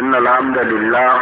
إن الحمد لله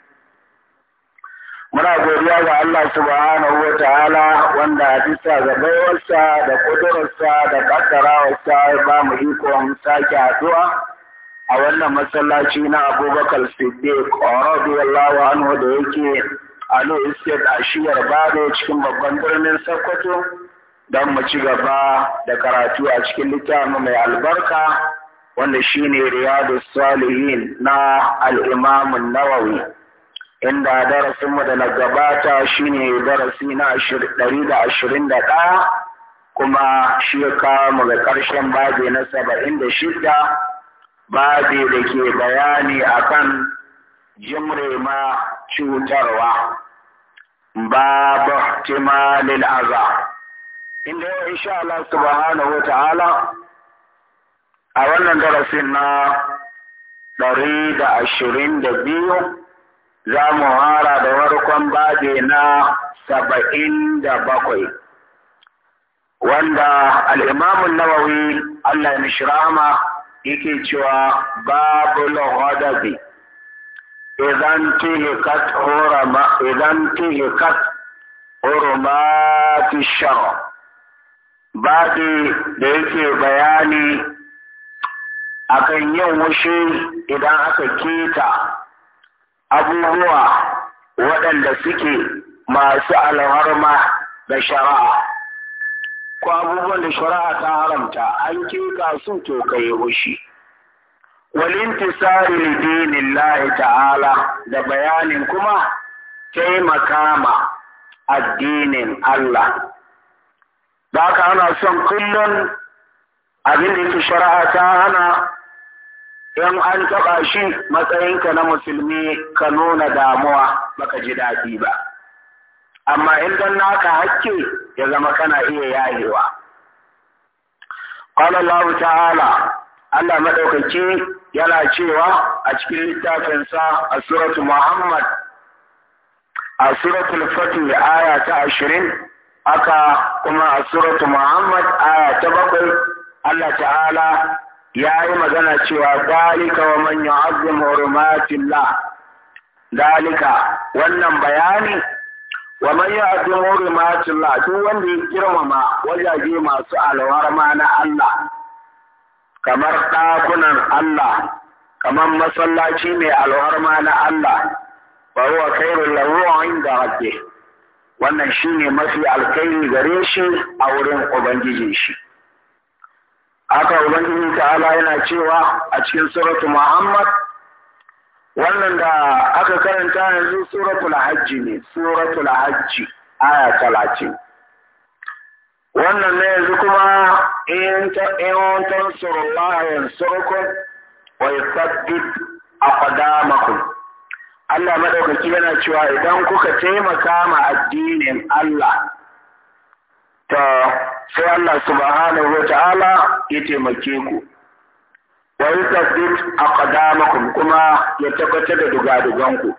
muna godiya ga Allah subhanahu wa ta'ala wanda bisa ga baiwarsa da kudurarsa da kaddarawarsa ya ba mu ikon sake haduwa a wannan masallaci na Abubakar Siddiq radiyallahu anhu da yake a New Estate a shiyar Bado cikin babban birnin Sokoto dan mu ci gaba da karatu a cikin littafin mai albarka wanda shine Riyadus Salihin na al-Imam Nawawi. inda darasin mu da na gabata shine darasi na ɗari da ashirin da ɗaya kuma shi ya kawo mu ga ƙarshen babi na saba'in da shida babi da ke bayani akan jimre ma cutarwa babu timalin aza inda yau insha Allah subhanahu wa ta'ala a wannan darasin na ɗari da ashirin da biyu za mu hara da farkon babi na saba'in da bakwai wanda al'imamun nawawi Allah ya shirama yake cewa babu lahadabi idan tihikat horama idan shara ke da yake bayani akan yin wushe idan aka keta abubuwa waɗanda suke masu alharma da shara'a ko abubuwan da shari'a ta haramta an kika su to kai hushi walintisari dinin lahi ta'ala da bayanin kuma taimaka ma addinin Allah Ba ka ana son kullum abin da yake shari'a ta hana in an taɓa shi matsayinka na musulmi ka nuna damuwa baka ji daɗi ba amma in don naka hakke ya zama kana iya yayewa qala Allah ta'ala Allah maɗaukaki, yana cewa a cikin littafinsa a suratu Muhammad a suratul Fatih aya ta ashirin. aka kuma a suratu Muhammad aya ta bakwai Allah ta'ala ya yi magana cewa dalika wa man yu'azzim hurumatillah dalika wannan bayani wa man yu'azzim hurumatillah duk wanda ya girmama wajaje masu alwarma na Allah kamar ɗakunan Allah kamar masallaci mai alwarma na Allah ba huwa khairul lahu inda rabbih wannan shine mafi alkairi gare shi a wurin ubangijin shi haka ubangiji ta'ala yana cewa a cikin suratu muhammad wannan da aka karanta yanzu suratul hajji ne suratul hajji aya talatin wannan ne yanzu kuma in ta tansurullah suruku wa yuthabbit aqdamakum Allah madaukaki yana cewa idan kuka taimaka ma addinin Allah ta sai Allah subhanahu wata'ala ya taimake ku wa yusabbit aqdamakum kuma ya tabbata da dugadugan ku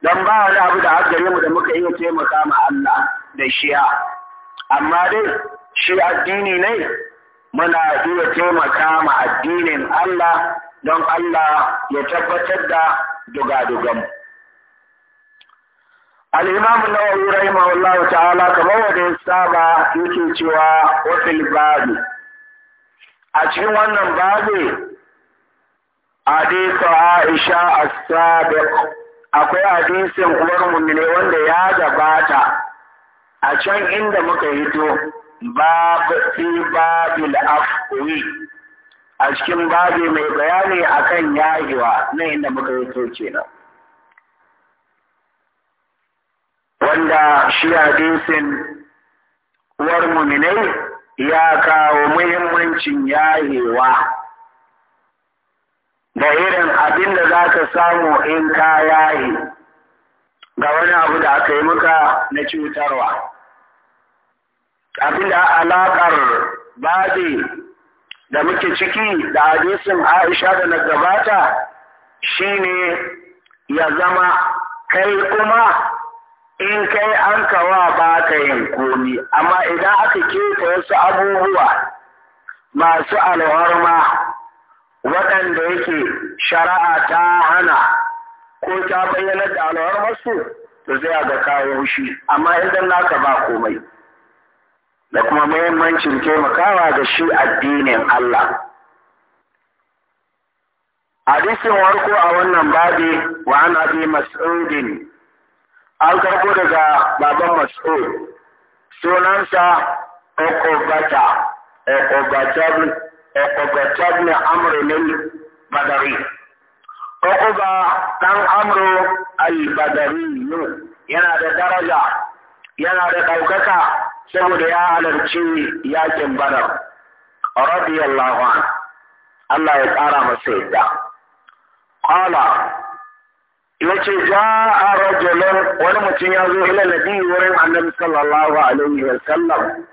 dan ba wani abu da gare mu da muka iya taimaka ma Allah da shiya amma dai shi addini ne muna iya taimaka ma addinin Allah don Allah ya tabbatar da dugadugan mu al-imam an-nawawi ta'ala kamar wanda ya saba yake cewa wa fil babi a cikin wannan babi hadithu Aisha as-sabiq akwai hadisin uwar ne wanda ya gabata a can inda muka yi babu fi babil a cikin babi mai bayani akan yahiwa na inda muka wanda shi hadisin uwar muminai ya kawo muhimmancin yayewa da irin abin da za ka samu in ka yaye ga wani abu da aka yi muka na cutarwa abin da alaƙar babi da muke ciki da hadisin aisha da na gabata shine ya zama kai kuma in kai an kawa ba ka yin komi amma idan aka keta wasu abubuwa masu alwarma waɗanda yake shari'a ta hana ko ta bayyana da alwarmarsu to zai ga kawo shi amma idan naka ba komai da kuma muhimmancin taimakawa ga shi addinin Allah. hadisin warko a wannan babi wa an abi mas'udin an karɓo daga baban mas'ud sunansa okobata okobata bin amru ne badari okuba ɗan amru al-badari yana da daraja yana da ɗaukaka saboda ya halarci yakin badar radiyallahu an Allah ya ƙara masu yadda yace a rajulan wani mutum ya zo ila nabi wurin annabi sallallahu alaihi wa sallam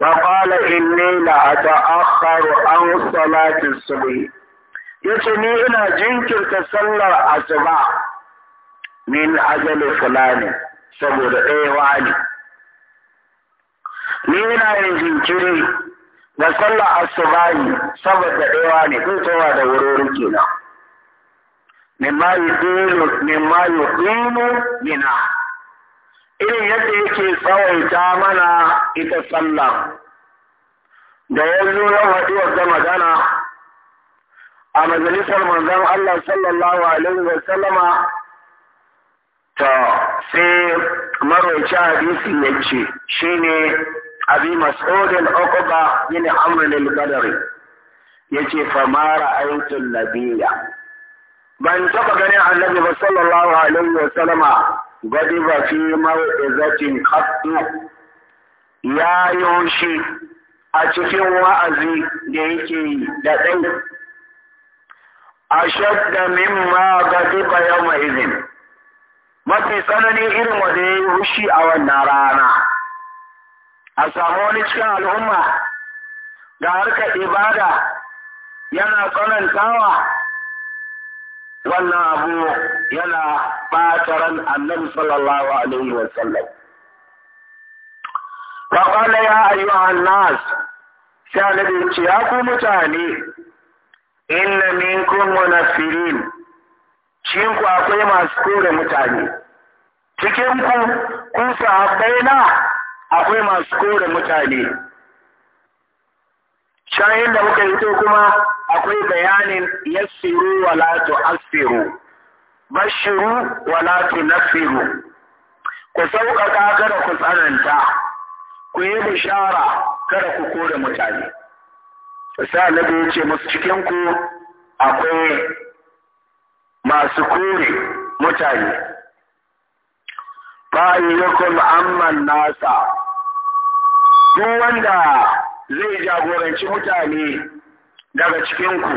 wa qala inni la ata'akhkharu an salati subh yace ni ina jinkirta sallar asuba min ajali fulani saboda ɗaya wani ni ina yin jinkiri da sallar asuba saboda ɗaya wani ko tsawa da wurin kenan mimma yi mimma mina irin yadda yake tsawaita mana ita sallah da yanzu ya faɗi wadda magana a majalisar manzon Allah sallallahu alaihi wa ta sai marwaici hadisi ya ce ne, abi mas'udin uqba bin amr amurin ya ce fa ma ra'aytu ban taɓa ganin annabi ba sallallahu alaihi wa sallama gadi ba fi mau'izatin qattu ya yoshi a cikin wa'azi da yake da dai ashadda mimma gadi ba yawma idin mafi tsanani irin wanda ya yi hushi a wannan rana a samu wani cikin al'umma ga harkar ibada yana tsanantawa wannan abu yana ɓata ran annabi sallallahu alaihi wa sallam wa qala ya ayyuhan nas sai annabi ce ya ku mutane inna minkum munafirin cin ku akwai masu kore mutane cikin ku kun sahabbai na akwai masu kore mutane shayin da muka yi to kuma akwai bayanin yassiru wala tu'assiru bashiru wala tunaffiru ku sauƙaƙa kada ku tsananta ku yi bishara kada ku kore mutane sai annabi ya ce musu cikin ku akwai masu kore mutane fa'ilukum amman nasa duk wanda zai jagoranci mutane daga cikinku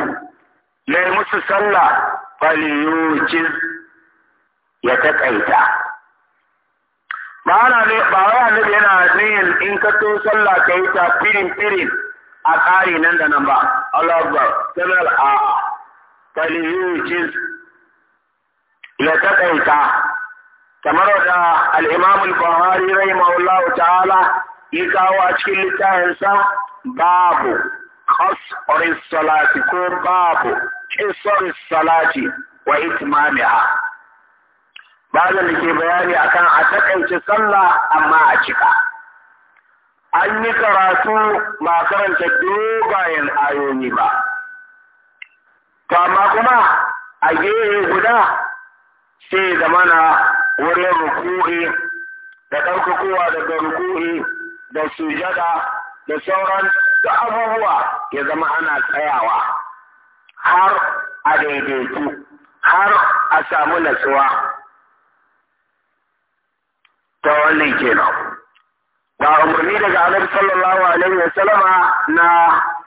ya yi musu sallah faliyukin ya taƙaita ba wa ne ba yana nihin in ka to sallah ka yi ta firin firin a ƙari nan da nan ba Allah ba, sanar a faliyukin ya taƙaita kamar da al’imamul Buhari, rai ta'ala yi kawo a cikin littafinsa babu asr salati ko babu qisr salati wa itmamiha bazan da ke bayani akan a takaice sallah amma a cika an yi karatu ba karanta dogayen ayoyi ba to amma kuma a gehe guda sai mana wurin ruku'i da ɗaukakowa daga ruku'i da sujada da sauran da abubuwa ya zama ana tsayawa har a daidaitu har a samu natsuwa ta wannan kenan ba umarni daga annabi sallallahu alaihi wa sallama na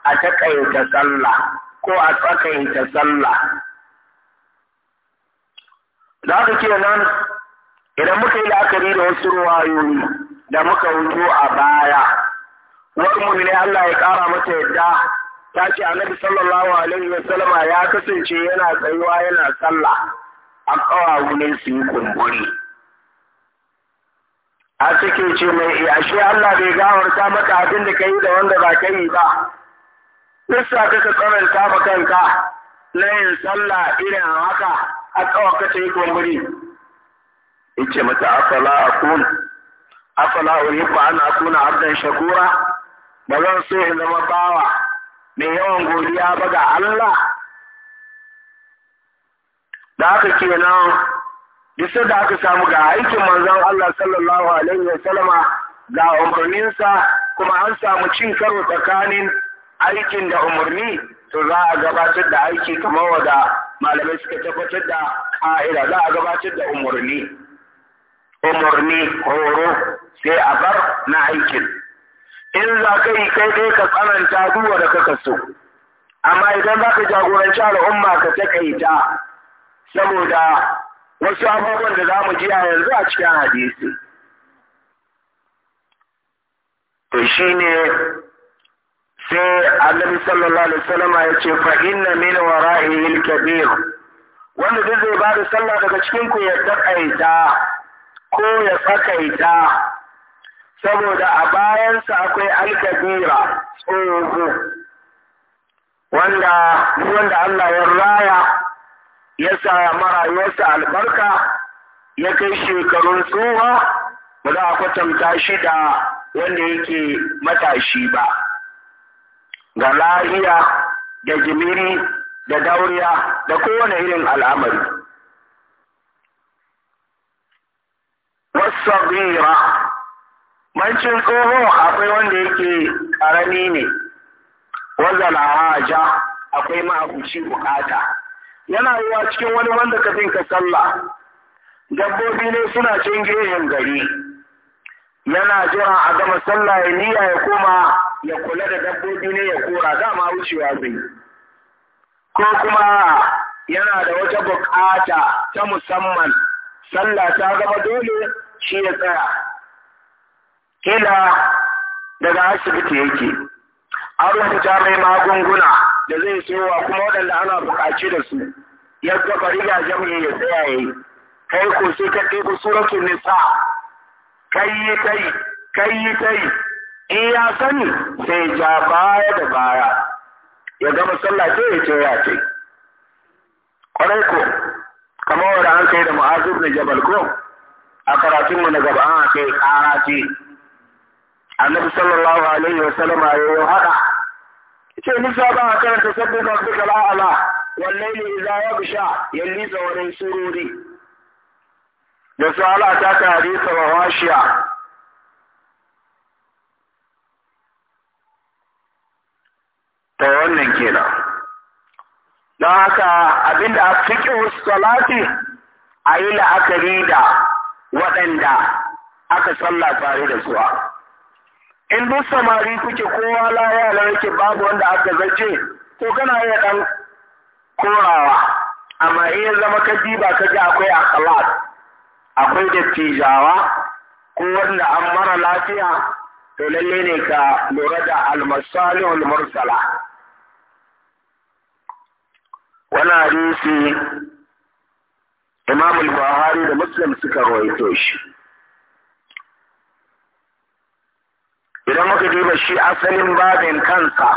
a takaita sallah ko a tsakaita sallah za ke kenan idan muka yi la'akari da wasu ruwayoyi da muka wuto a baya wani mummune Allah ya ƙara mata yadda ta ce annabi sallallahu alaihi wa sallama ya kasance yana tsayuwa yana sallah a ƙawawu su yi kumburi a cikin ce mai iya. shi Allah bai gawarta maka abin da ka yi da wanda ba ka yi ba Nissa ka ka tsananta ma kanka na yin sallah irin haka a tsawa ka ta yi kumburi Ice mata afala akun afala ba ana kuna abdan shakura ba zan so ya zama bawa mai yawan godiya ba ga Allah da ke kenan bisa da aka samu ga aikin manzon Allah sallallahu alaihi wasallama ga umarninsa kuma an samu cin karo tsakanin aikin da umarni to za a gabatar da aiki kamar wada malamai suka tabbatar da ka'ida za a gabatar da umarni umarni horo sai a bar na aikin in za ka yi kai dai ka tsananta duwa da kaka so amma idan za ka jagoranci al'umma ka takaita saboda wasu abubuwan da za mu ji a yanzu a cikin hadisi to shi ne sai annabi sallallahu alaihi wasallam ya ce fa inna min wara'ihi al-kabir wanda zai ba da sallah daga cikin ku ya takaita ko ya tsakaita saboda a bayansa akwai alkabira tsoho wanda wanda Allah ya raya ya sa marayuwarsa albarka ya kai shekarun tsoha ba za a kwatanta shi da wanda yake matashi ba ga lahiya da jimiri da dauriya da kowane irin al'amari wasu Mancin tsohon akwai wanda yake karami ne wanda ja akwai ma'abuci bukata yana yiwa cikin wani wanda ka zinka sallah dabbobi ne suna cin gehen gari yana jira a gama sallah ya niya ya koma ya kula da dabbobi ne ya kora dama wucewa zai ko kuma yana da wata bukata ta musamman sallah ta gama dole shi ya tsaya kila daga asibiti yake an rubuta mai magunguna da zai sowa kuma waɗanda ana buƙaci da su ya gaba riga jami'in ya tsaya yi kai ko sai ka ɗebo suratun nisa kai yi tai kai yi in ya sani sai ja baya da baya ya gama sallah ce ya ce ya ce kwarai ko kamar wanda an kai da mu'azu da jabal ko a karatunmu na gaba an kai ƙara annabi sallallahu alaihi wa sallam ya yi haka ce sa ba a karanta sabbin rabbi ala wallahi idza yabsha yalli tsawarin sururi da su ala ta tare wa washiya ta wannan kenan don haka abinda a salati a yi la'akari da waɗanda aka sallah tare da su in duk samari kuke kowa laya la yake babu wanda aka zace ko kana iya ɗan korawa amma iya zama ka diba ka ji akwai akhlaq akwai dattijawa ko wanda an mara lafiya to lalle ne ka lura da almasalihul mursala wannan hadisi imam al-buhari da muslim suka rawaito shi idan muka duba shi asalin babin kansa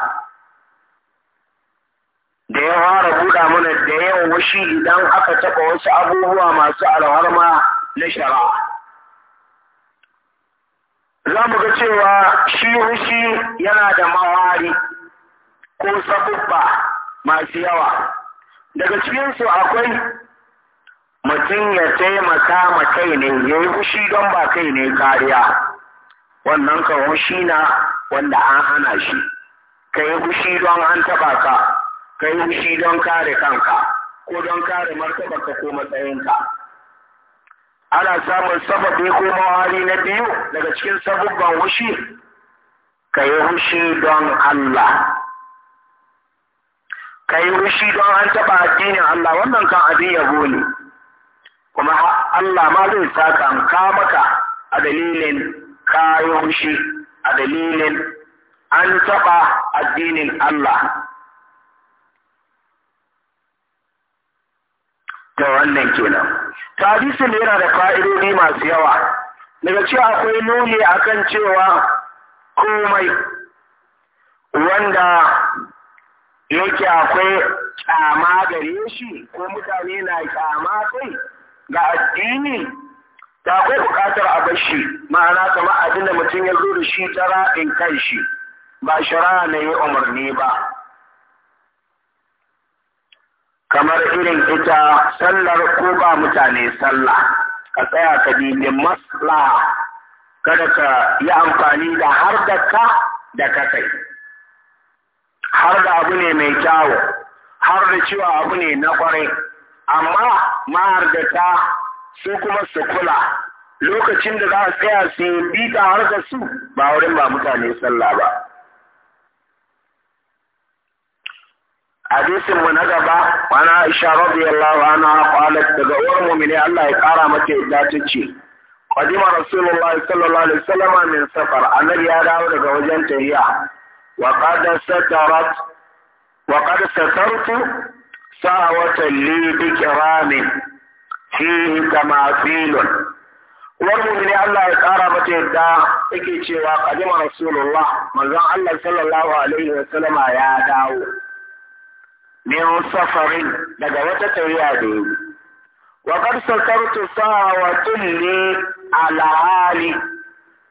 da ya fara buɗa mana da yawan washi idan aka taɓa wasu abubuwa masu alharma na shara. Za mu ga cewa shi wushi yana da mawari ko sabubba masu yawa. Daga cikinsu akwai mutum ya taimaka ma kai ne ya yi fushi don ba kai ne kariya. wannan kawo shi na wanda an hana shi ka yi hushi don an taɓa ka ka yi hushi don kare kanka ko don kare martabarka ko matsayinka ana samun sababi ko mawari na biyu daga cikin sabubban hushi ka yi hushi don Allah ka yi hushi don an taɓa addinin Allah wannan kan abin yabo ne kuma Allah ma zai saka ka maka a dalilin kayo a dalilin an taɓa addinin Allah ta wannan kenan. Tarisin yana da fa'idodi masu yawa, daga ce akwai nuni kan cewa komai wanda yake akwai ƙyama gare shi ko mutane na ƙyama kai ga addini da akwai buƙatar a bar shi ma'ana kamar abin da mutum ya zo da shi ta in kan shi ba shara na yi umarni ba kamar irin ita sallar ko ba mutane sallah ka tsaya ka nemi masla, kada ka yi amfani da har da ka da ka kai har da abu ne mai kyawu har da cewa abu ne na kwarai amma ma'ar da ta su kuma su kula lokacin da za a tsaya su yi bita har harkar su ba wurin ba mutane sallah ba hadisin mu na gaba wani aisha radiyallahu anha qalat daga uwar mu'mini Allah ya kara mata yadda ta ce qadima rasulullah sallallahu alaihi wasallam min safar annabi ya dawo daga wajen tariya wa qad satarat wa qad satartu sa'awatan fihi tamathilun wannan ne Allah ya kara mata yadda yake cewa qadima rasulullah manzon Allah sallallahu alaihi wa sallama ya dawo min safarin daga wata tafiya da yi wa qad sakartu sawatun li ala ali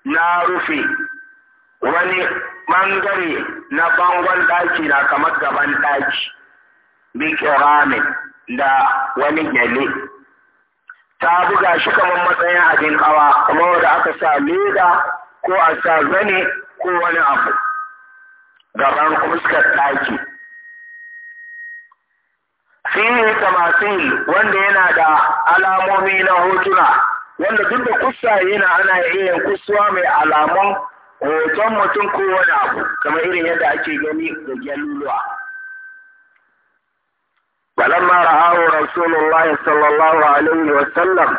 na rufe wani bangare na bangon daki na kamar gaban daki bi kiramin da wani gyale ta buga shi kamar matsayin abin hawa kuma wanda aka sa leda ko a sa zane ko wani abu gaban fuskar ɗaki fiye tamasil wanda yana da alamomi na hotuna wanda duk da kusa yana ana iya kusuwa mai alamun hoton mutum ko wani abu kamar irin yadda ake gani da gyaluluwa. falamma ra'ahu rasulullahi sallallahu alaihi wa sallam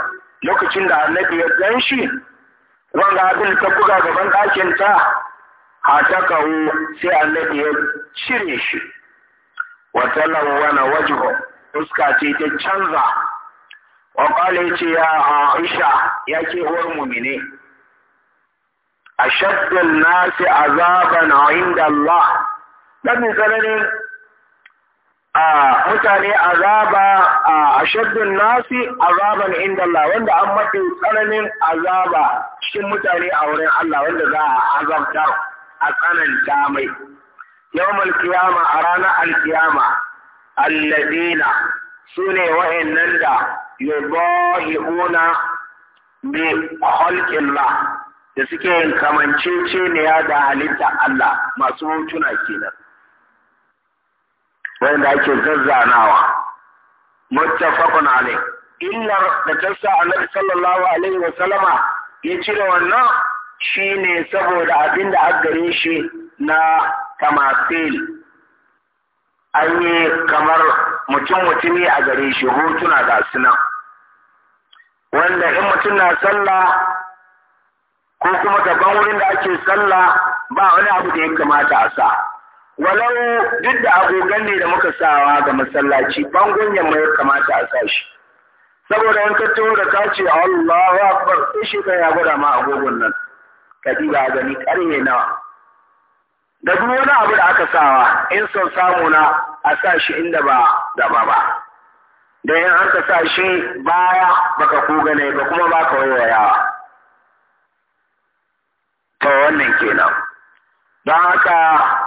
lokacin da annabi ya ganshi? shi wanda abin ta buga gaban ɗakin ta hatakahu sai annabi ya cire shi wa talawwana wajhu fuska ce ta canza wa qala yace ya Aisha yake uwar mu'mine ashaddun nasi azaban inda Allah dan tsananin a mutane azaba a ashaddun nasi azaban inda Allah wanda an mafi tsananin azaba cikin mutane a wurin Allah wanda za a azabtar a tsananta mai Yau alkiyama a ranar alkiyama alladina su ne wa'annan da yubahi'una bi khalqillah da suke ya da halitta Allah masu hotuna kenan wanda ake zazzanawa muttafaqun alai illar da ta annabi sallallahu alaihi wa sallama ya cire wannan shine saboda abin da aka gare shi na tamasil an yi kamar mutum mutumi a gare shi hotuna ga sunan wanda in mutum na sallah ko kuma gaban wurin da ake sallah ba wani abu da ya kamata a sa walau duk da agogan ne da muka sawa ga masallaci bangon yamma ya kamata a sa shi saboda wani tattaro da ka ce Allahu akbar sai shi kai ya gwada ma agogon nan Kabila, gani karye nawa da duk wani abu da aka sawa in son samu na a sa shi inda ba gaba ba da in an sa shi baya baka ko gane ba kuma baka wayawa to wannan kenan don haka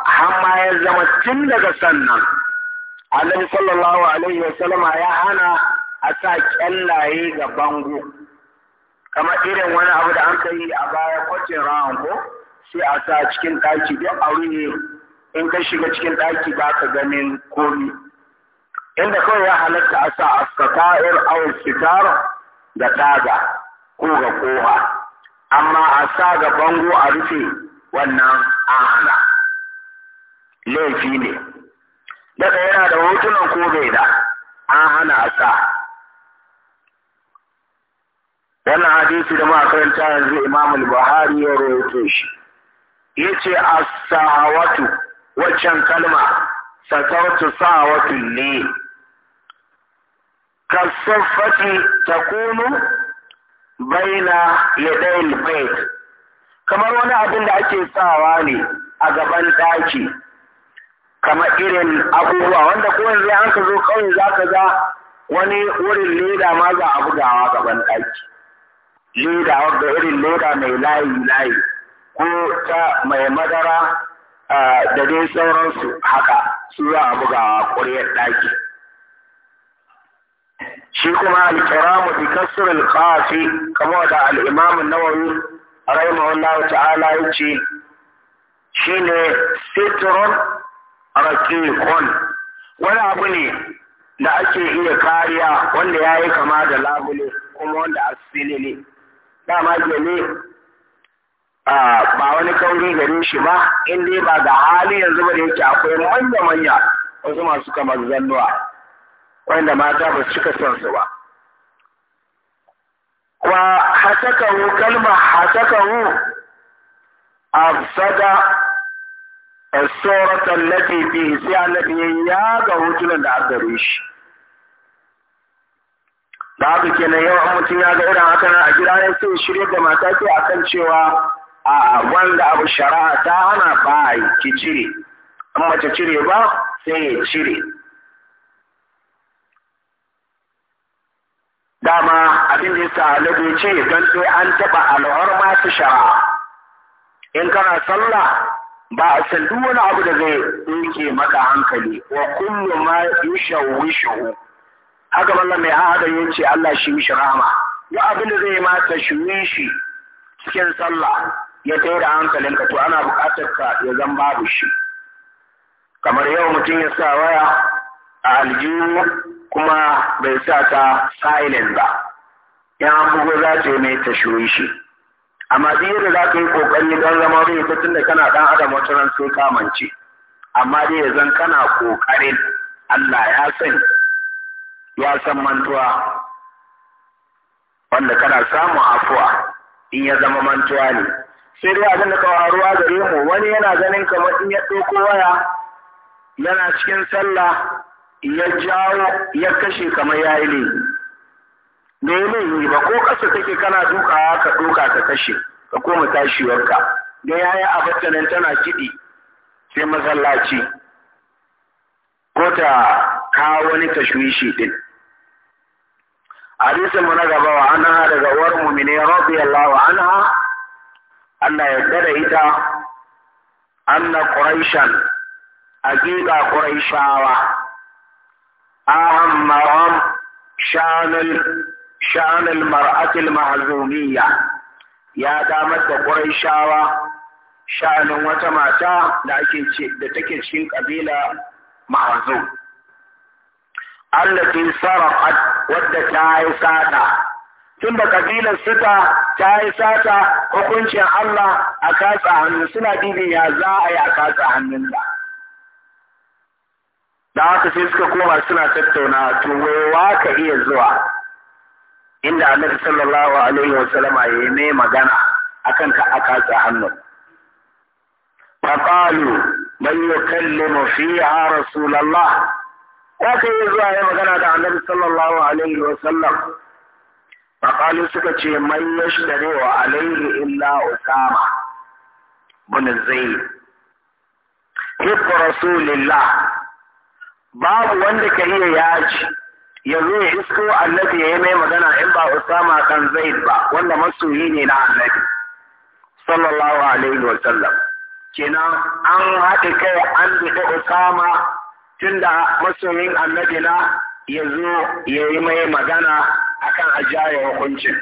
hamma ya zama tun daga sannan annabi sallallahu alaihi wa sallama ya hana a sa kyallaye ga bango kamar irin wani abu da an kai a baya kwacin rahon ko sai a sa cikin ɗaki duk a ruhe in ka shiga cikin ɗaki ba ka ganin komi inda kawai ya halatta a sa askata'ir aw sitar da taga ko ga koha amma a sa ga bango a rufe wannan ahala laifi ne daga yana da hotunan ko bai da an hana a sa wannan hadisi da makaranta yanzu imam buhari ya rawaito shi yace as-sahawatu waccan kalma sakawatu sahawatu ne kasafati takunu baina yadayil bait kamar wani abin da ake sawa ne a gaban ɗaki kamar irin abubuwa wanda ko yanzu an ka zo kawai za ka ga wani wurin leda ma za a bugawa gaban ɗaki leda wadda irin leda mai layi layi ko ta mai madara da dai sauransu haka su za a bugawa ƙuryar ɗaki shi kuma alkiramu bi kasr kamar da al-imam an rahimahullahu ta'ala yace shine sitron raqiqun wani abu ne da ake iya kariya wanda ya yi kama da labule kuma wanda asili ne dama gele ba wani kauri gare shi ba in dai ba ga hali yanzu ba da yake akwai manya-manya wasu masu kamar zannuwa wanda mata ba su cika son su ba wa hasakahu kalma hasakahu afsada as-surata allati fihi sai annabi ya ga hotunan da aka gare shi kenan yau an mutum ya ga irin haka a gida ne sai shirya da mata akan cewa a wanda abu shari'a ta hana ba ki cire in mace cire ba sai ya cire dama abin da yasa alade ce don sai an taɓa al'orma su shara in kana sallah ba a san duk wani abu da zai ɗauke maka hankali wa kullu ma yushawishu haka wannan mai ahada yace Allah shi mishi rahama duk abin da zai ma shuwishi cikin sallah ya kai hankalin ka? to ana buƙatar ka ya zan babu shi kamar yau mutum ya sa waya a aljihu kuma bai sa ta silent ba yan abubuwa za ta yi mai ta shi amma da za ka yi kokari don zama bai ta tun da kana dan adam wata ran sai kamance amma dai ya zan kana kokarin Allah ya san ya san mantuwa wanda kana samun afuwa in ya zama mantuwa ne sai dai abin da ruwa gare mu wani yana ganin kamar in ya ɗauko waya yana cikin sallah ya jawo ya kashe kamar ya yi ne da ya ba ko kasa take kana dukawa ka duka ka kashe ka koma tashiwarka da ya yi abattanin tana kiɗi sai masallaci ko ta kawo wani tashwishi din hadisin mu na gaba wa ha daga uwar mu'mini radiyallahu anha Allah ya da ita anna quraishan aqiqa quraishawa أهمهم شأن شأن المرأة المهزومية يا دامت قريشاوة sha'anin wata mata da ake ce da take cikin kabila ma'azu allati sarafat wadda ta yi sata tun da kabilar sita ta yi sata hukuncin Allah a katsa hannu suna dibin ya za a yi a katsa hannun da da haka sai suka koma suna tattauna to wa ka iya zuwa inda annabi sallallahu alaihi wa sallama ya ne magana akan ka aka tsa hannu qalu man yukallimu fiha rasulullah wa ka iya zuwa ya magana da annabi sallallahu alaihi wa sallam qalu suka ce man yashdari wa alaihi illa usama bin zaid hibbu rasulillah babu wanda ka iya yaji ya zo ya isko annabi ya yi mai magana in ba Usama kan Zaid ba wanda masoyi ne na annabi sallallahu alaihi wa sallam Kina an haɗe kai an buɗe Usama tunda masoyin annabi na ya ya yi mai magana akan ajaya hukuncin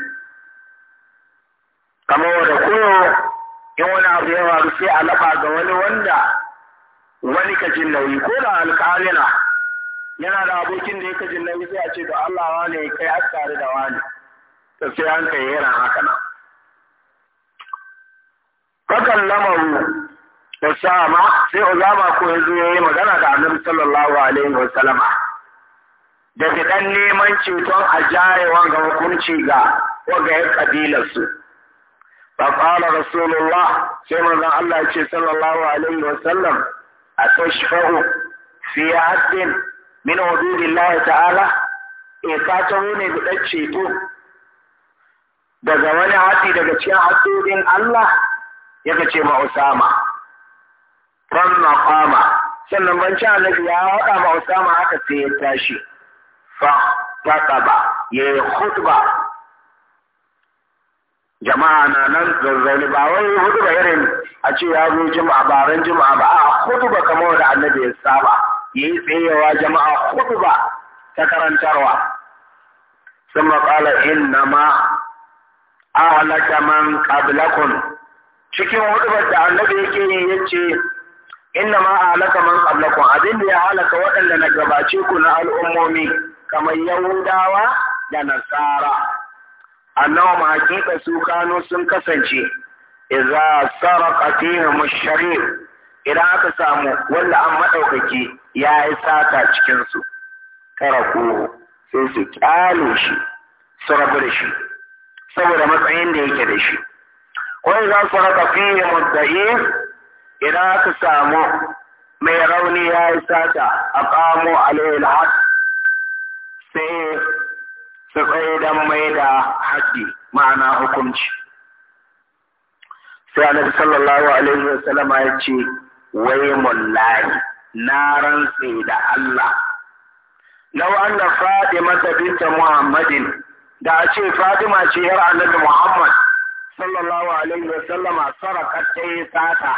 kamar da koyo in wani abu ya sai a lafa ga wani wanda wani ka jin nauyi ko da alƙalina yana da abokin da ya ka jin nauyi sai a ce da Allah wane kai askari da wane to sai an kai yana haka nan fakan lamaru da sama sai uzama ko ya zo ya yi magana da annabi sallallahu alaihi wa sallama da dan neman ceton a jarewan ga hukunci ga waga ya kabilarsu sai رسول Allah سيما ce sallallahu alaihi wa sallam أتشفع في عد من حدود الله تعالى إيقاته بتشيطو daga wani haɗi daga cikin haɗoɗin Allah ya ce ma Usama, ran maƙama, sannan banci annabi ya haɗa ma Usama haka sai ya tashi, fa ta ba, ya yi khutba jama'a na nan zazzaune ba wai hudu ba irin a ce ya zo jima'a ba ran jima'a ba a hudu ba kamar da annabi ya saba ya yi tsayewa jama'a hudu ba ta karantarwa sun maƙala na ma halaka man qablakum cikin hudu da annabi yake yi yace na ma halaka man qablakum abin da ya halaka waɗanda na gabace ku na al'ummomi kamar yahudawa da nasara annahum haqiqa su kano sun kasance idza sarqa fihim ash idan aka samu wanda an maɗaukaki ya yi sata cikin su taraku sai su ƙyale shi su rabu da shi saboda matsayin da yake da shi wai za su raka fiye mudda'i idan aka samu mai rauni ya yi sata a kamo alayhi sai su tsaye don mai da haƙi ma'ana hukunci sai annabi sallallahu alaihi wa sallama ya ce wai mullahi na rantse da Allah law anna fatima binta muhammadin da a ce fatima ce yar annabi muhammad sallallahu alaihi wa sallama sarakat ta yi sata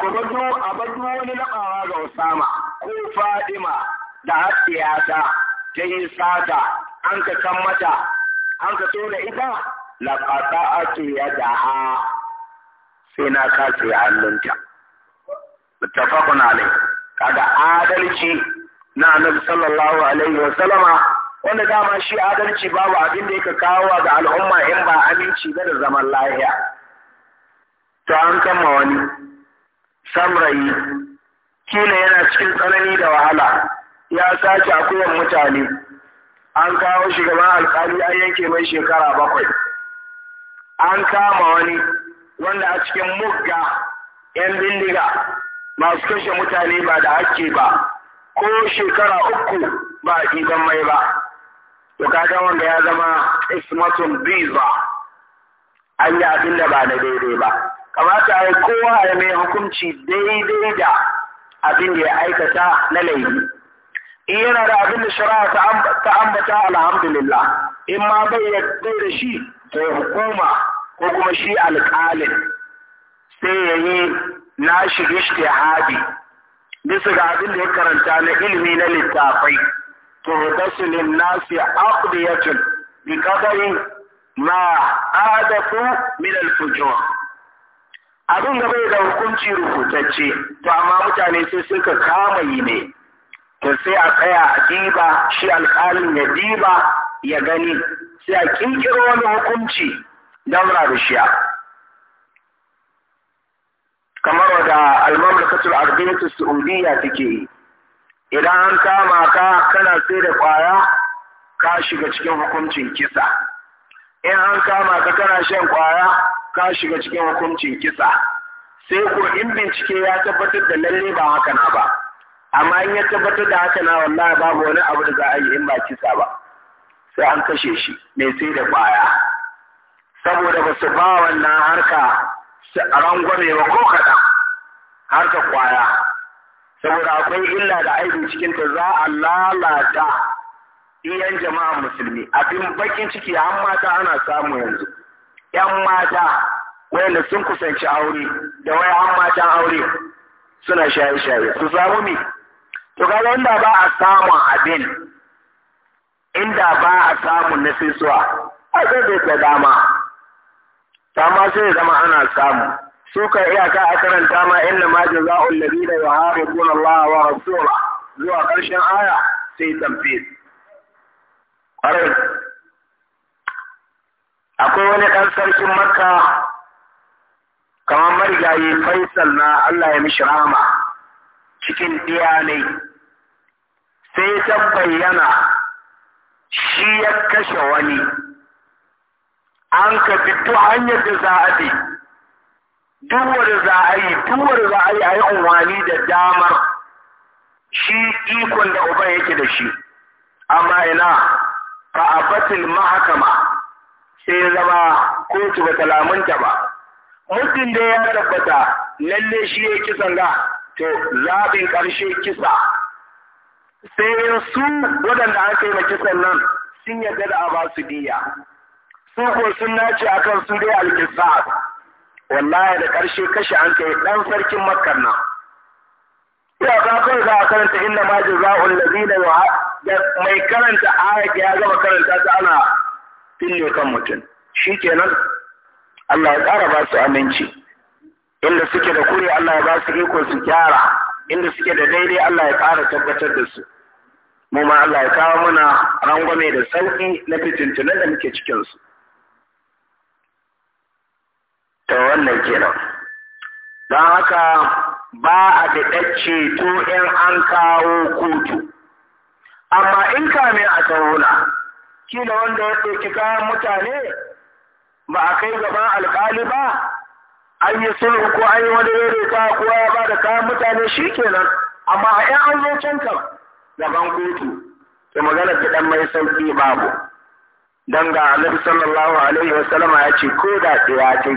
ku bado a bado wani laƙawa ga usama ko fatima da hasiyata ta yi sata an ka kan mata an ka tona ita la qata'atu yadaha sai na kace hannunta muttafaqun alai kaga adalci na annabi sallallahu alaihi wa sallama wanda dama shi adalci babu abin da yake kawo ga al'umma in ba aminci ba da zaman lahiya to an kama wani samrayi kila yana cikin tsanani da wahala ya sace akuyan mutane an kawo shi gaban alkali an yanke mai shekara bakwai an kama wani wanda a cikin mugga yan bindiga masu kashe mutane ba da hakki ba ko shekara uku ba a idan mai ba to kaga wanda ya zama ismatun biza an yi abin da ba na daidai ba kamata a kowa ya mai hukunci daidai da abin da ya aikata na laifi in eh, yana da abin da shari'a ta ambata alhamdulillah in ma bai da shi ko hukuma ko kuma shi alƙalin sai ya yi na shige shi hadi bisa ga abin da ya karanta na ilimi na littafai to rasulun nasi aqdiyatun bi kadari ma adathu min al abin da bai da hukunci rubutacce to amma mutane sai suka kama yi ne to sai a tsaya a diba shi alƙalin ya diba ya gani sai a kinkiro wani hukunci daura da shiya kamar wadda almamlakatul arabiyyatus saudiya take yi idan an kama ka kana sai da kwaya ka shiga cikin hukuncin kisa in an kama ka kana shan kwaya ka shiga cikin hukuncin kisa sai ku in bincike ya tabbatar da lalle ba haka na ba amma in ya tabbatar da haka na wallahi babu wani abu da za a yi in ba kisa ba sai an kashe shi mai sai da kwaya saboda ba su ba wannan harka rangwame ba ko kaɗan harka kwaya saboda akwai illa da cikin ta za a lalata iyan jama'a musulmi abin bakin ciki an mata ana samu yanzu yan mata wayanda sun kusanci aure da wai an matan aure suna shaye-shaye su samu ne to kaga inda ba a samun abin inda ba a samun na a zai ta dama amma sai zama ana samu su ka iyaka a karanta ma inna ma ya haɗe kuna Allah wa rasulahu zuwa ƙarshen aya sai tamfis ƙwarai akwai wani ɗan sarkin makka kamar marigayi faisal na Allah ya mishi rama cikin diya ne sai ta bayyana shi ya kashe wani an ka fito hanyar da za a bi duwar za a yi duwar za a yi a yi unwani da damar shi ikon da uban yake da shi amma ina fa a batin mahakama sai zama kotu ba talamanta ba muddin da ya tabbata lalle shi ya kisan ga to zaɓin ƙarshe kisa sai su waɗanda an kai na kisan nan sun yarda da a ba su diya su ko sun nace akan su dai alkisa wallahi da ƙarshe kashe an kai ɗan sarkin makar nan ya ba kai za a karanta inna ma ji za a mai karanta ayat ya gama karanta ta ana fille kan mutum Shi shikenan Allah ya ƙara ba su aminci inda suke da kure Allah ya ba su iko su gyara inda suke da daidai Allah ya ƙara tabbatar da su mu ma Allah ya kawo muna rangwame da sauki na fitintunan da muke cikinsu. Ta wannan kenan. Don haka ba a daɗa to in an kawo kotu. Amma in kame a tsarona, kila wanda ya ɗauki kayan mutane ba a kai gaban alƙali ba, an yi sulhu ko an yi wani rere ka kowa ya ba da kayan mutane shi kenan, amma a ‘yan an zo can kan. gaban kotu to magana ta dan mai sauki babu dan ga Annabi sallallahu alaihi wasallam ya ce ko da tsaya ce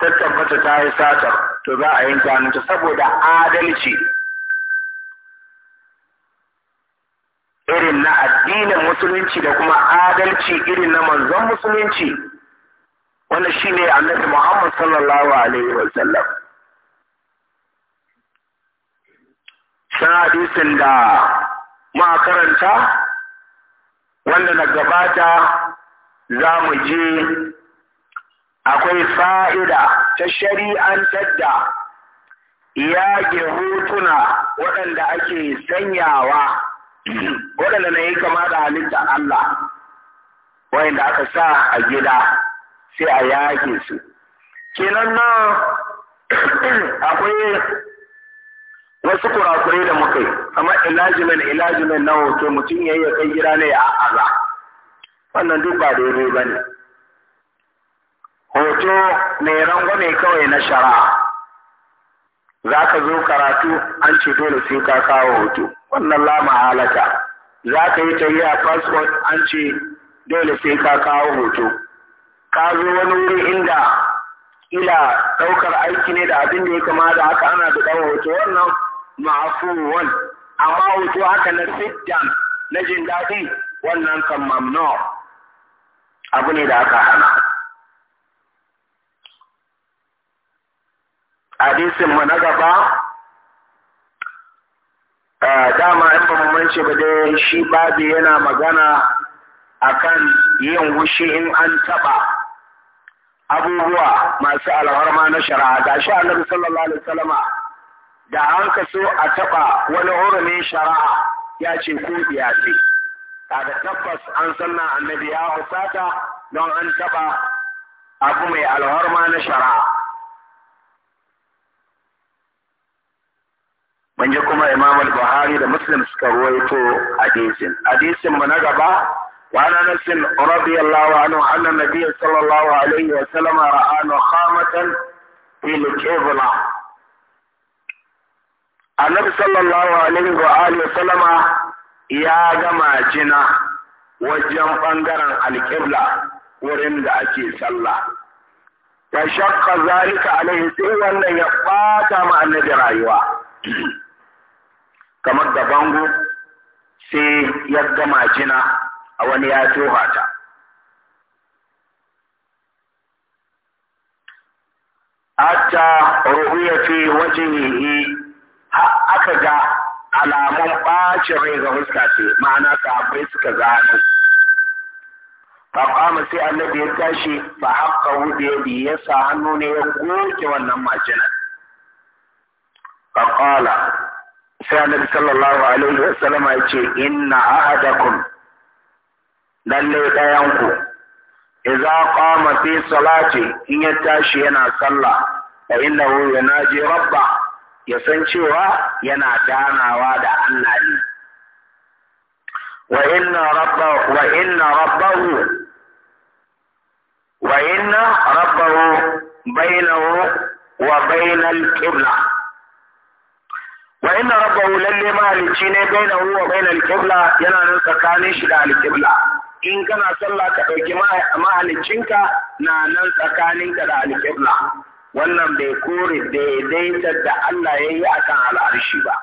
ta tabbata ta yi sata to za a yanke hannunta saboda adalci irin na addinin musulunci da kuma adalci irin na manzon musulunci wannan shine Annabi Muhammad sallallahu alaihi wasallam na hadisin da ma karanta wanda na gabata za mu je akwai fa'ida ta shari'antar da yage hutuna waɗanda ake sanyawa waɗanda na yi kama da halitta Allah wayanda aka sa a gida sai a yage su kenan nan akwai wasu kurakure da muka yi amma ilajimin ilajimin na hoto mutum ya yi kai gida ne a aza wannan duk ba daidai ba ne hoto mai rangwame kawai na shara'a za ka zo karatu an ce dole sai ka kawo hoto wannan lama halata. za ka yi tafiya passport an ce dole sai ka kawo hoto ka zo wani wuri inda ila ɗaukar aiki ne da abin da ya kama da haka ana da ɗaukar hoto wannan ma'afuwan amma hoto haka na siddan na jin daɗi wannan kan mamno abu ne da aka hana hadisin mu na gaba dama in ba ba dai shi babu yana magana akan yin wushi in an taba abubuwa masu alharma na shari'a gashi annabi sallallahu alaihi wasallama da an ka so a taɓa wani hurumin shari'a ya ce ko ce kaga tabbas an sanna annabi ya husata don an taɓa abu mai alhorma na shari'a mun ji kuma imam al-buhari da muslim suka ruwaito hadisin hadisin mu na gaba وعن انس رضي الله عنه ان النبي صلى الله عليه وسلم راى نخامه في الكبله annabi sallallahu alaihi wa alihi sallama ya gama jina wajen bangaren alƙibla wurin da ake sallah ta shakka zalika alaihi sai wannan ya ɓata ma annabi rayuwa kamar da bango sai ya gama jina a wani ya tohata ta hatta ru'ya fi wajhihi aka ga alamun ɓacin rai ga huska ce ma'ana sahabbai suka zaɓi faƙama sai annabi ya tashi ba haƙa hudu ya biya sa hannu ne ya goge wannan majina. faƙala sai annabi sallallahu alaihi sallama ya ce inna ahadakum lalle ɗayanku iza qama fi salati in ya tashi yana sallah fa innahu yanaji rabba ya san cewa yana ganawa da Allah ne wa inna rabbahu wa inna rabbahu wa inna rabbahu bainahu wa bainal qibla wa inna rabbahu lalle mahalicci ne bainahu wa bainal qibla yana nan tsakanin shi da alqibla in kana sallah ka dauki mahaliccinka na nan tsakaninka da alqibla wannan bai kore daidaitar da Allah ya yi a kan al'arshi ba.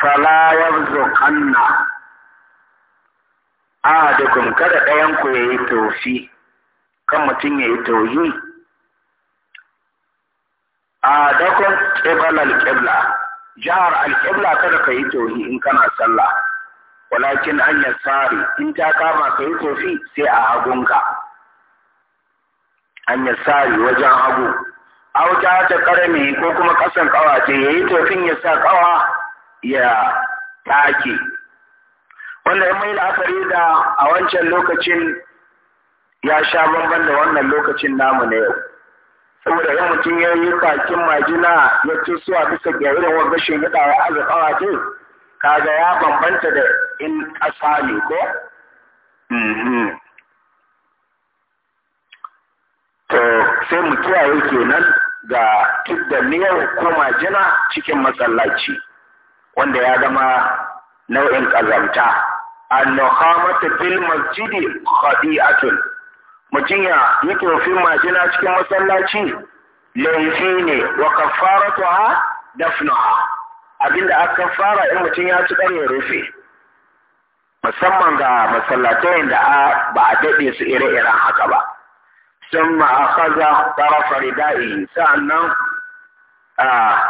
Falawar zokanna a da kada ɗayanku ya yi tofi, kan mutum ya yi toyi. A dakon ƙiblar ƙibla, jihar al al-ƙibla kada ka yi tohi in kana sallah. walakin an tsari, in ta kama ka yi kofi sai a hagunka an tsari wajen hagu auta ta karami ko kuma kasan kawa ce yi tofin ya sa kawa ya take wanda ya mai la'akari da a wancan lokacin ya sha bamban da wannan lokacin namu na yau saboda yin mutum ya yi kakin majina ya ci suwa bisa ga irin wa gashin ya arzikawa ce kaga ya bambanta da in ƙasa ne ko? Mm-hmm. To sai mu kiyaye kenan ga tudda miyar ko majina cikin matsalaci wanda ya zama nau'in ƙazamta. Annohamata bil masjidi khadi'atun mutum ya yi tofin majina cikin masallaci laifi ne wa kafaratuha dafnuha Abin da aka fara in mutum ya ci ɗan ya rufe musamman ga masallatai da ba a daɗe su ire-iren haka ba sun ma'akaza tarafa rida'i sa'annan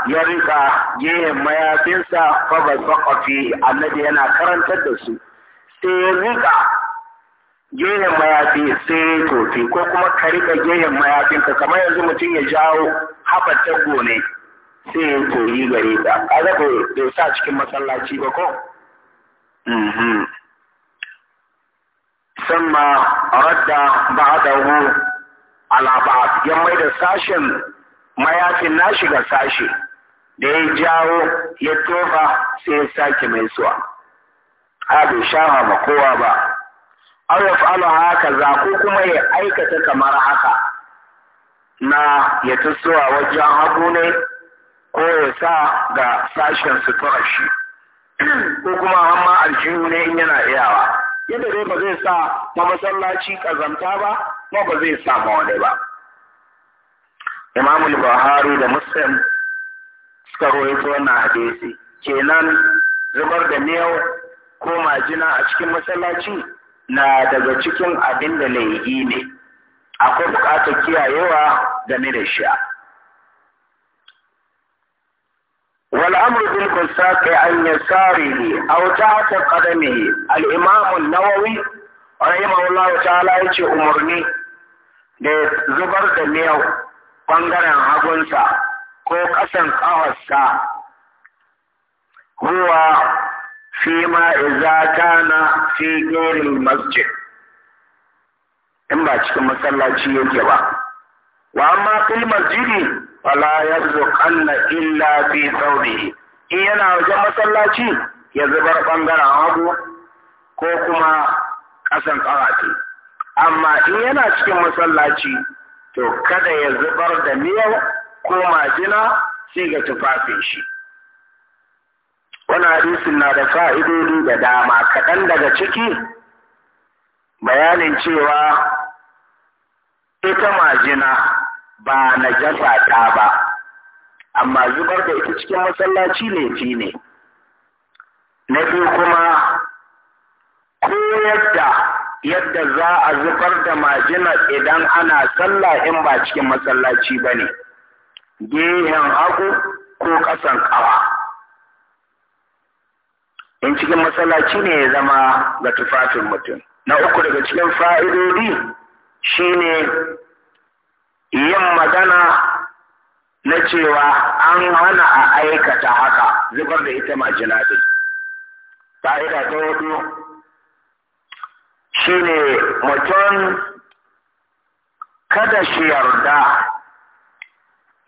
ya rika gehen mayafinsa kwabar bakwafi annabi yana karantar da su sai ya rika gehen mayafi sai ya tofi ko kuma ka rika gehen mayafinka kamar yanzu mutum ya jawo haɓar taggo ne sai ya koyi gare ta a ko bai sa cikin masallaci ba ko ثم رد بعده a بعض ya mai da sashen mayafin nashi ga sashe da ya jawo ya tofa sai ya sake mai suwa a bai shafa ba kowa ba aw ala haka za ko kuma ya aikata kamar haka na ya tasowa wajen hagu ne ko ya sa ga sashen suturar shi ko kuma amma aljihu ne in yana iyawa yadda dai ba zai sa ma masallaci kazanta ba ko ba zai sa ma wani ba imamul buhari da muslim suka rawaito wannan hadisi kenan zubar da miyau ko majina a cikin masallaci na daga cikin abin da laifi ne akwai bukatar kiyayewa game da shi'a والأمر بالفساق عن يساره أو تحت قدمه الإمام النووي رحمه الله تعالى يجي zubar da miyar ɓangaren hagunsa ko ƙasan ƙawarsa ruwa fi ma izata na fi masjid in ba cikin masallaci yake ba wa amma fil masjidi Wala fala kanna illa fi thawbihi in yana wajen masallaci ya zubar bangaren hagu ko kuma kasan kawate amma in yana cikin masallaci to kada ya zubar da miyar ko majina sai ga tufafin shi wani hadisin na da fa'idodi da dama kaɗan daga ciki bayanin cewa ita majina ba na jasa ta ba amma zubar da ita cikin masallaci laifi ne na biyu kuma koyar da yadda za a zubar da majina idan ana sallah in ba cikin masallaci ba ne gehen hagu ko ƙasan ƙawa in cikin masallaci ne ya zama ga tufafin mutum na uku daga cikin fa'idodi shine yin magana na cewa an hana a aikata haka zubar da ita majina ɗin. Fa'ida ta hudu shi ne mutum kada shi yarda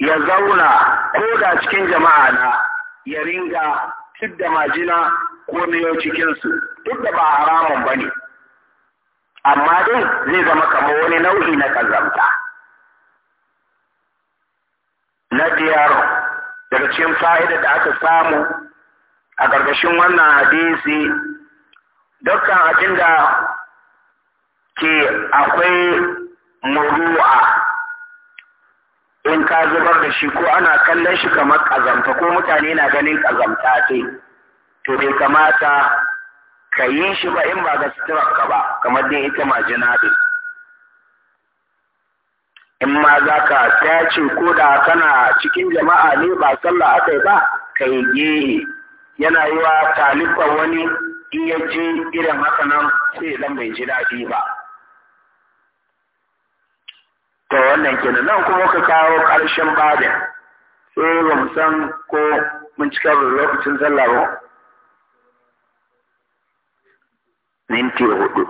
ya zauna ko da cikin jama'a na ya ringa duk da majina ko miyo cikinsu duk da ba haramun ba ne. Amma dai zai zama kamar wani nau'i na ƙazamta. na biyar daga cikin fa'ida da aka samu a ƙarƙashin wannan hadisi dukkan abin da ke akwai muru'a in ka zubar da shi ko ana kallon shi kamar ƙazamta ko mutane na ganin ƙazamta ce to bai kamata ka yi shi ba in ba ga suturarka ba kamar dai ita majina ɗin in ma za ka tace ko da kana cikin jama'a ne ba sallah aka yi ba ka yi gehe yana yi wa talibban wani in ya ji irin haka nan sai dan bai ji daɗi ba to wannan kenan nan kuma ka kawo ƙarshen bada, sai eh, ba mu san ko mun cika lokacin sallah ba minti hudu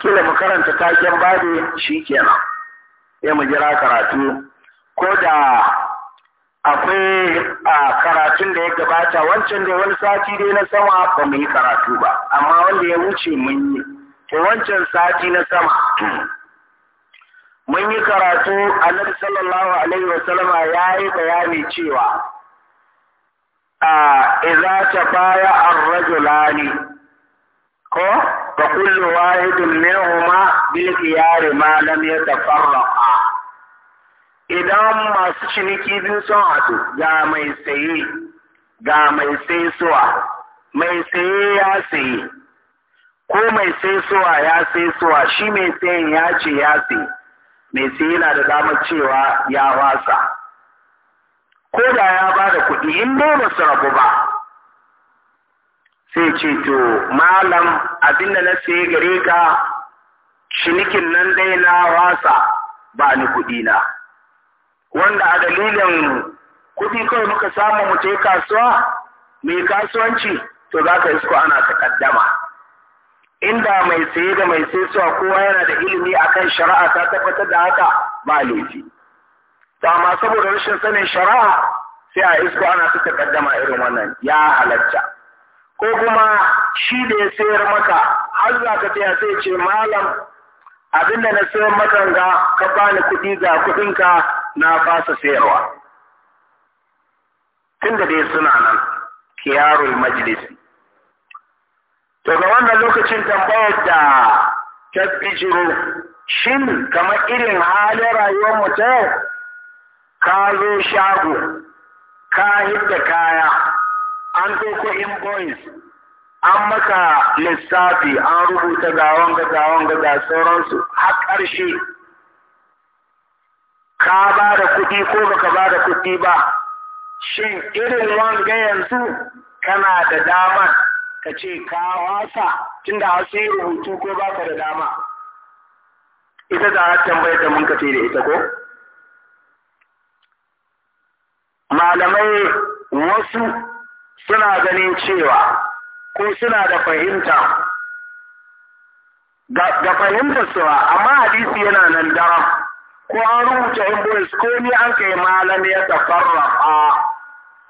kila mu karanta taken babi shi kenan sai mu jira karatu ko da akwai a karatun da ya gabata wancan da wani sati dai na sama ba mu yi karatu ba amma wanda ya wuce mun yi to wancan sati na sama mun yi karatu annabi sallallahu alaihi wa sallama ya yi bayani cewa a idza tabaya ar-rajulani ko وكل واحد منهما بالخيار ما لم يتفرقا idan masu ciniki biyu sun haɗu ga mai saye ga mai sai suwa mai saye ya saye ko mai sai suwa ya sai suwa shi mai sayen ya ce ya saye mai saye na da damar cewa ya wasa ko da ya ba da kuɗi in dai ba su rabu ba sai ce to malam abin da na sai gare ka shinikin nan dai na wasa ba ni kuɗi na wanda a dalilin kuɗi kawai muka samu mu je kasuwa mai kasuwanci to za ka isko ana takaddama inda mai saye da mai suwa kowa yana da ilimi akan shari'a ta tabbatar da haka ba laifi to amma saboda rashin sanin shari'a sai a isko ana ta takaddama irin wannan ya halatta ko kuma shi da ya sayar maka har za ka taya sai ce malam abinda na sayar maka ga ka bani kuɗi ga kuɗinka na fasa sayarwa tun da dai suna nan kiyarul majlis to ga wannan lokacin tambayar da ta bijiro shin kamar irin halin rayuwar mu ta ka zo shago ka hidda kaya an ɗauko invoice an maka lissafi an rubuta ga wanga ga wanga ga sauransu a ƙarshe ka ba da kuɗi ko baka ba da kuɗi ba shin irin wanga yanzu kana da dama ka ce ka wasa tunda a yi rubutu ko ba ka da dama ita za a tambayar da mun kace da ita ko malamai wasu suna ganin cewa ko suna da fahimta ga fahimtar su amma hadisi yana nan dara ko an rubuta in ko ni an kai malam ya tafarra a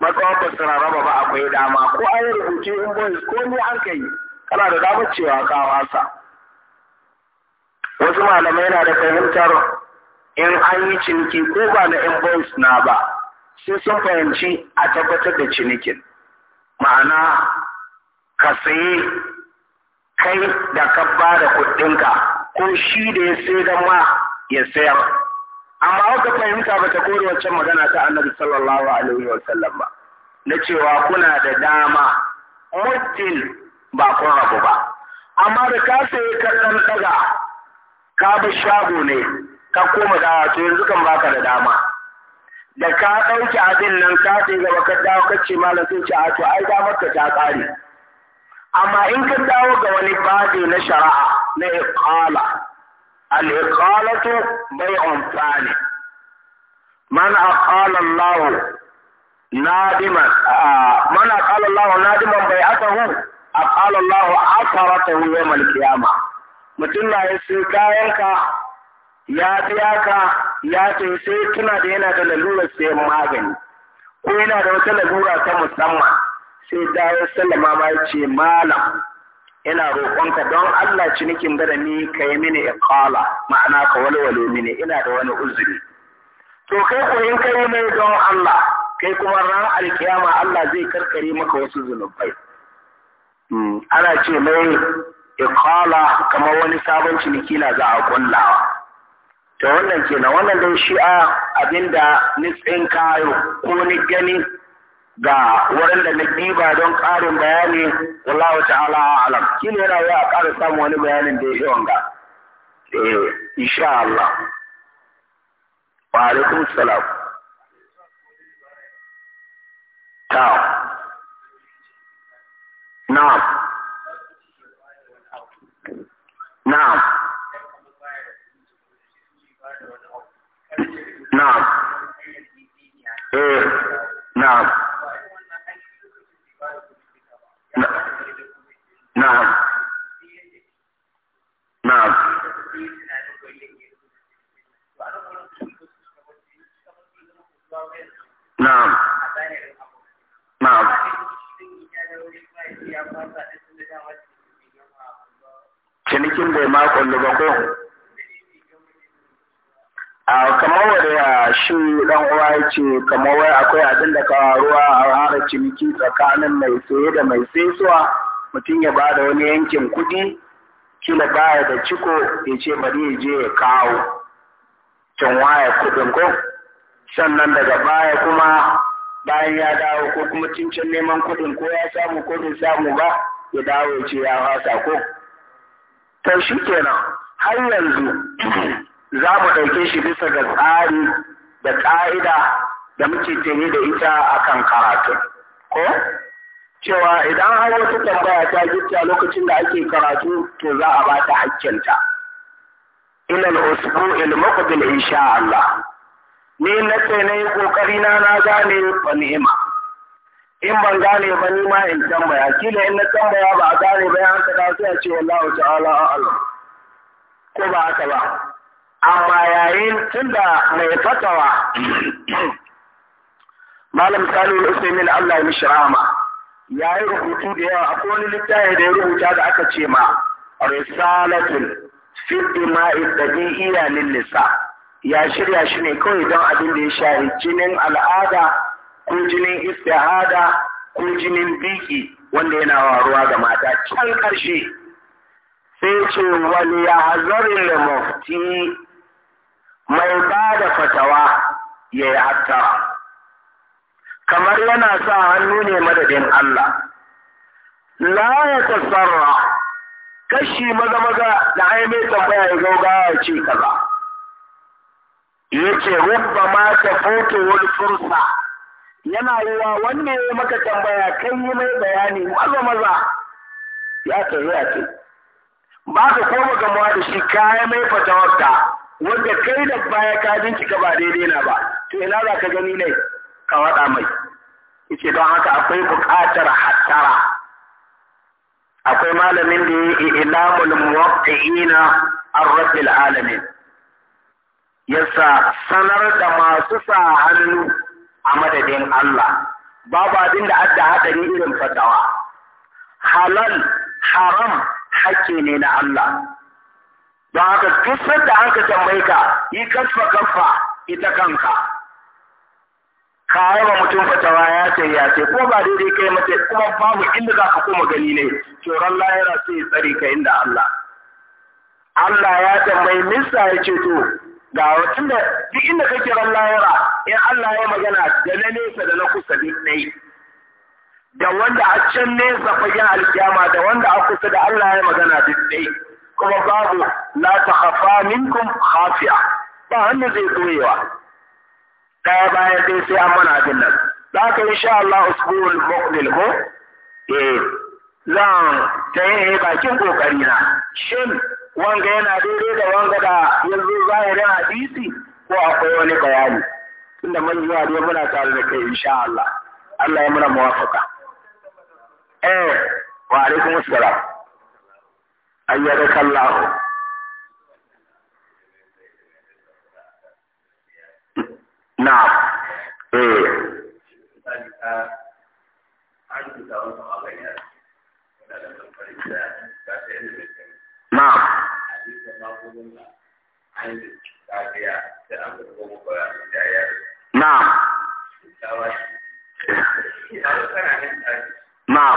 ba suna raba ba akwai dama ko an rubuta in ko ni an kai kana da damar cewa ka wasa wasu malamai na da fahimtar in an yi ciniki ko ba na in na ba sai sun fahimci a tabbatar da cinikin ma'ana ka sayi kai da ka ba da kuɗinka ko shi da ya sai don ma ya sayar amma haka fahimta ba ta kore wancan magana ta annabi sallallahu alaihi wa sallam ba na cewa kuna da dama muddin ba kun rabu ba amma da ka sayi ka ɗan ɗaga ka bi shago ne ka koma da yanzu kan baka da dama da ka ɗauki abin nan ka ce gaba ka dawo ka ce malam sun ce a to ai da maka ta tsari. amma in ka dawo ga wani babi na shari'a na iqala al iqalatu bai amfani man aqala Allah nadima man aqala Allah nadima bai asahu aqala Allah asaratahu yawm al qiyamah mutum na ya kayanka ya biya ka ya ce sai tuna da yana da lalurar sayan magani ko yana da wata lalura ta musamman sai dawo sallama ma ce malam ina roƙonka don Allah cinikin gada ni ka yi mini iqala ma'ana ka walwale mini ina da wani uzuri to kai ko in kai mai don Allah kai kuma ran alkiyama Allah zai karkare maka wasu zunubai hmm, ana ce mai iqala kamar wani sabon ciniki na za a kullawa ta wannan ke na wannan dai shi'a abinda nitsin kayo ko ni gani ga waɗanda na ɗiba don ƙarin bayani wallahu ta'ala alam shi ne yana yi a ƙara samun wani bayanin da ya yi wanga eh insha Allah wa alaikum salam ta na na. na'am eh cinikin bai ma kullu ba ko a kamar wanda shi dan uwa yace kamar wai akwai abin da ruwa a harar ciniki tsakanin mai saye da mai saisuwa mutum ya ba da wani yankin kuɗi kila baya da ciko ya ce bari ya je ya kawo can waya kuɗin ko sannan daga baya kuma bayan ya dawo ko kuma cincin neman kuɗin ko ya samu ko bai samu ba ya dawo ya ce ya fasa ko to shi kenan har yanzu za mu ɗauke shi bisa ga tsari da ƙa'ida da muke tare da ita akan karatu ko cewa idan har wata tambaya ta gita lokacin da ake karatu to za a ba ta hakkinta ila al-usbu'il insha Allah ni na sai na yi kokari na na gane ba ni'ima in ban gane ba ni ma in tambaya kila in na tambaya ba a gane ba ya haka ta sai a ce wallahu ta'ala ko ba haka ba amma yayin tunda mai fatawa malam salihu usaimin allah ya mishi rahama ya yi rubutu da yawa a wani littafi da ya rubuta da aka ce ma risalatul fi ima'i dabi'iyya lil lisa. ya shirya shi ne kawai don abin da ya sha jinin al'ada ko jinin istihada ko jinin biki wanda yana waruwa ga mata can ƙarshe sai ce wani ya hazarin mufti mai ba da fatawa ya yi hatta kamar yana sa hannu ne madadin Allah la ya tsarra kashi maza maza da ai mai tambaya ya gaugawa ya ce kaza yace rubba ma ta foto wani fursa yana yiwa wanda ya maka tambaya kai yi mai bayani maza maza ya tafi ya ce ba ka koma gamuwa da shi kayan mai fatawarta wanda kai da baya ka bincika ba daidai na ba to ina za ka gani ne ka waɗa mai yace don haka akwai buƙatar hattara akwai malamin da ya ilamul muwaqqi'ina ar-rabbil alamin yasa sanar da masu sa hannu a madadin Allah babu abin da adda hadari irin fatawa halal haram hakki ne na Allah don haka duk sanda an ka tambaye ka yi kasfa kasfa ita kanka ka ba mutum fatawa ya ce ya ce ko ba daidai kai mace kuma babu inda za ka koma gani ne tsoron lahira sai ya tsare ka inda Allah Allah ya tambayi minista ya ce to ga wacin da duk inda kake ran lahira in Allah ya magana da na nesa da na kusa duk da wanda a can nesa fagen alkiyama da wanda a kusa da Allah ya magana duk ɗai kuma babu la takhafa minkum khafiya ba hannu zai doyewa daya bayan ɗaya sai an mana abin nan za ka insha Allah usbuul muqbil ko eh zan ta yi eh bakin kokari na shin wanga yana daidai da wanga da yanzu zahirin hadisi ko akwai wani bayani tunda mun yi wa muna tare da kai insha Allah Allah ya muna muwafaka eh wa alaikum assalam ayyadaka Allah na'am eh na'am na'am na'am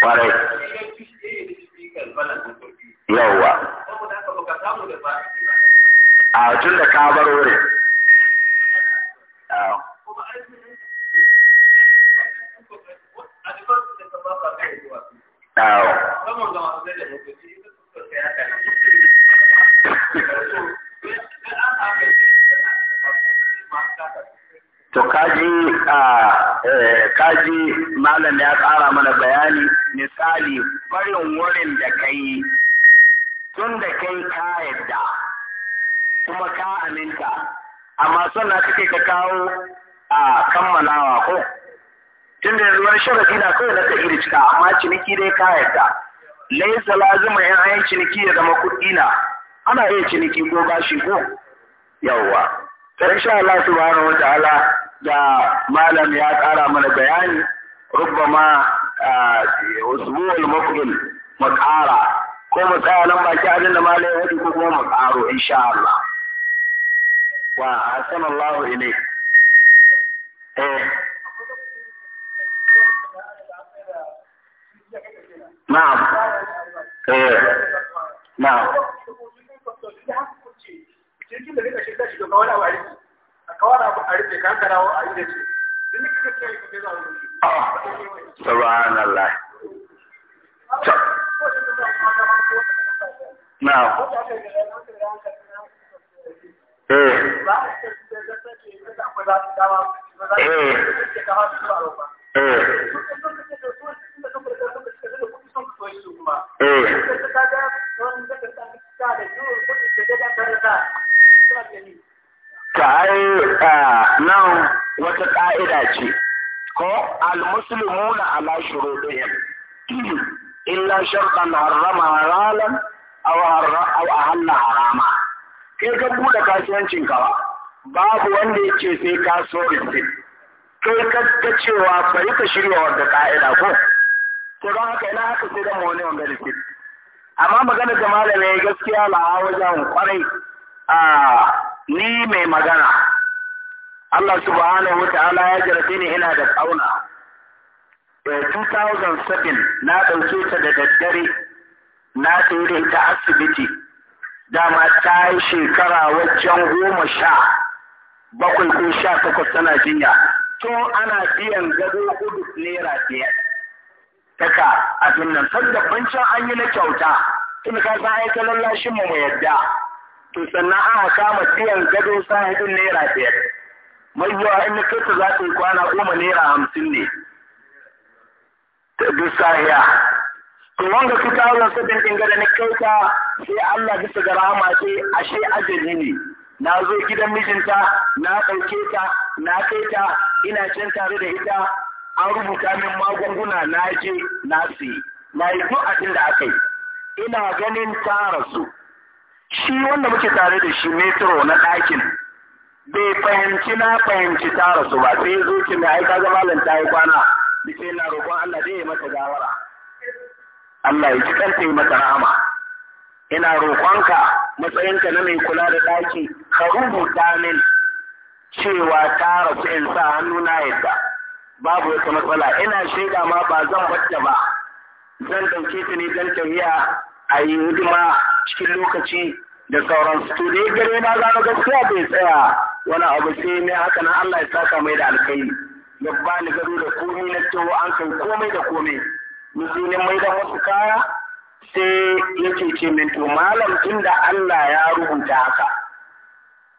kwarai yawwa a tun da ka bar Awo. to kaji e, kaji malam ya tsara mana bayani misali farin wurin da kai, tun da kai ka yadda kuma ka aminta amma suna suke ka kawo a kammalawa ko tun da yanzu sharafi na kawai na da cika amma ciniki dai ka yadda laisa lazima yan ayan ciniki ya zama kuɗi na ana iya ciniki ko bashi ko yawwa sai insha Allah subhanahu wa ta'ala da malam ya kara mana bayani rubbama usbu'ul mafdul makara ko mu tsaya nan baki abin da malam ya ko kuma mu ƙaro insha Allah wa asallallahu ilayhi eh na'am eh na'am kawai abu a rufe kan karawo a inda ce duk da kake yi kake a eh eh eh, eh. ta ai nan wata ƙa'ida ce ko almuslimuna ala shurudihim illa shartan harrama halalan aw aw ahalla harama kai ka bude kasuwancin ka babu wanda yake sai ka so rifi kai ka ta cewa bari ka shirya wata ka'ida ko to don haka ina haka sai da mawani wanda rifi amma magana da ya gaskiya la'a wajen kwarai a ni mai magana Allah subhanahu wata'ala ya jarfe ni ina da A 2007 eh, na ɗauke ta da daddare na tsere ta asibiti dama ta yi shekara wajen goma sha bakwai ko sha takwas tana jinya to ana biyan gado hudu naira biyar taka abin nan sanda bancin an yi na kyauta tun ka san ta lallashin mu yadda to sannan aka kama tiyan gado sahibin naira biyar mai yawa in na kai za ta yi kwana goma naira hamsin ne duk sahiya to wanga ta wurin sabin ɗin gada na kai ta sai Allah bisa ga rahama ce ashe ajali ne na zo gidan mijinta na ɗauke ta na kai ta ina can tare da ita an rubuta min magunguna na je na siye na yi duk abin da aka yi ina ganin ta rasu shi wanda muke tare da shi metro na ɗakin bai fahimci na fahimci ta rasu ba sai ya mai aika ga malam ta yi kwana sai na roƙon Allah dai ya mata gawara Allah ya ji kanta yi mata rahama ina roƙonka matsayinka na mai kula da ɗaki ka rubuta min cewa ta rasu in sa hannu na yadda babu wata matsala ina shaida ma ba zan bacce ba zan ɗauke ta ne don tafiya a yi hidima cikin lokaci da sauransu to da ya gare na ga gaskiya bai tsaya wani abu sai mai haka na Allah ya saka mai da alkai ya ba ni gado da komai na tawo an kai komai da komai ne mai da wasu kaya sai ya ce min to malam inda Allah ya rubuta haka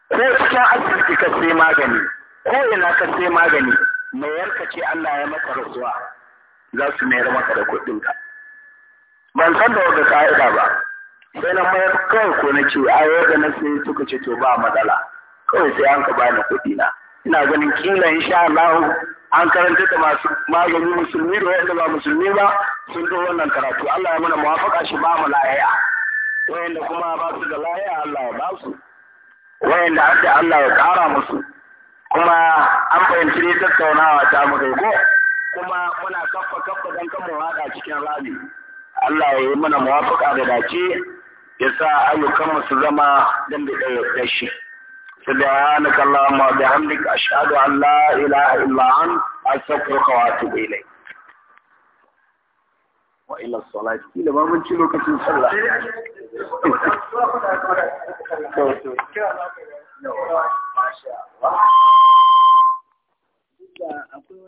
ko cikin asibiti ka sai magani ko ina ka sai magani mayar ka ce Allah ya maka rasuwa za su mayar maka da kuɗinka. ban san da wata ka'ida ba sai na mayar kawai ko na ce a yau da na sai suka ce to ba matsala kawai sai an ka bani kuɗi na ina ganin kila insha Allah an karanta da masu magani musulmi da wanda ba musulmi ba sun zo wannan karatu Allah ya mana muwafaka shi ba mu lahiya wayanda kuma ba su da lahiya Allah ya ba su wayanda har da Allah ya kara musu kuma an fahimci ne tattaunawa ta mu ko kuma muna kaffa kaffa don kan mu cikin Rabi. Allah ya yi mana muwafaka da dace ya sa ayyukanmu su zama don da ɗaya shi. سبحانك اللهم وبحمدك أشهد أن لا إله إلا أنت أستغفرك وأتوب إليك وإلى الصلاة كيلا ما من شنو كتن صلى akwai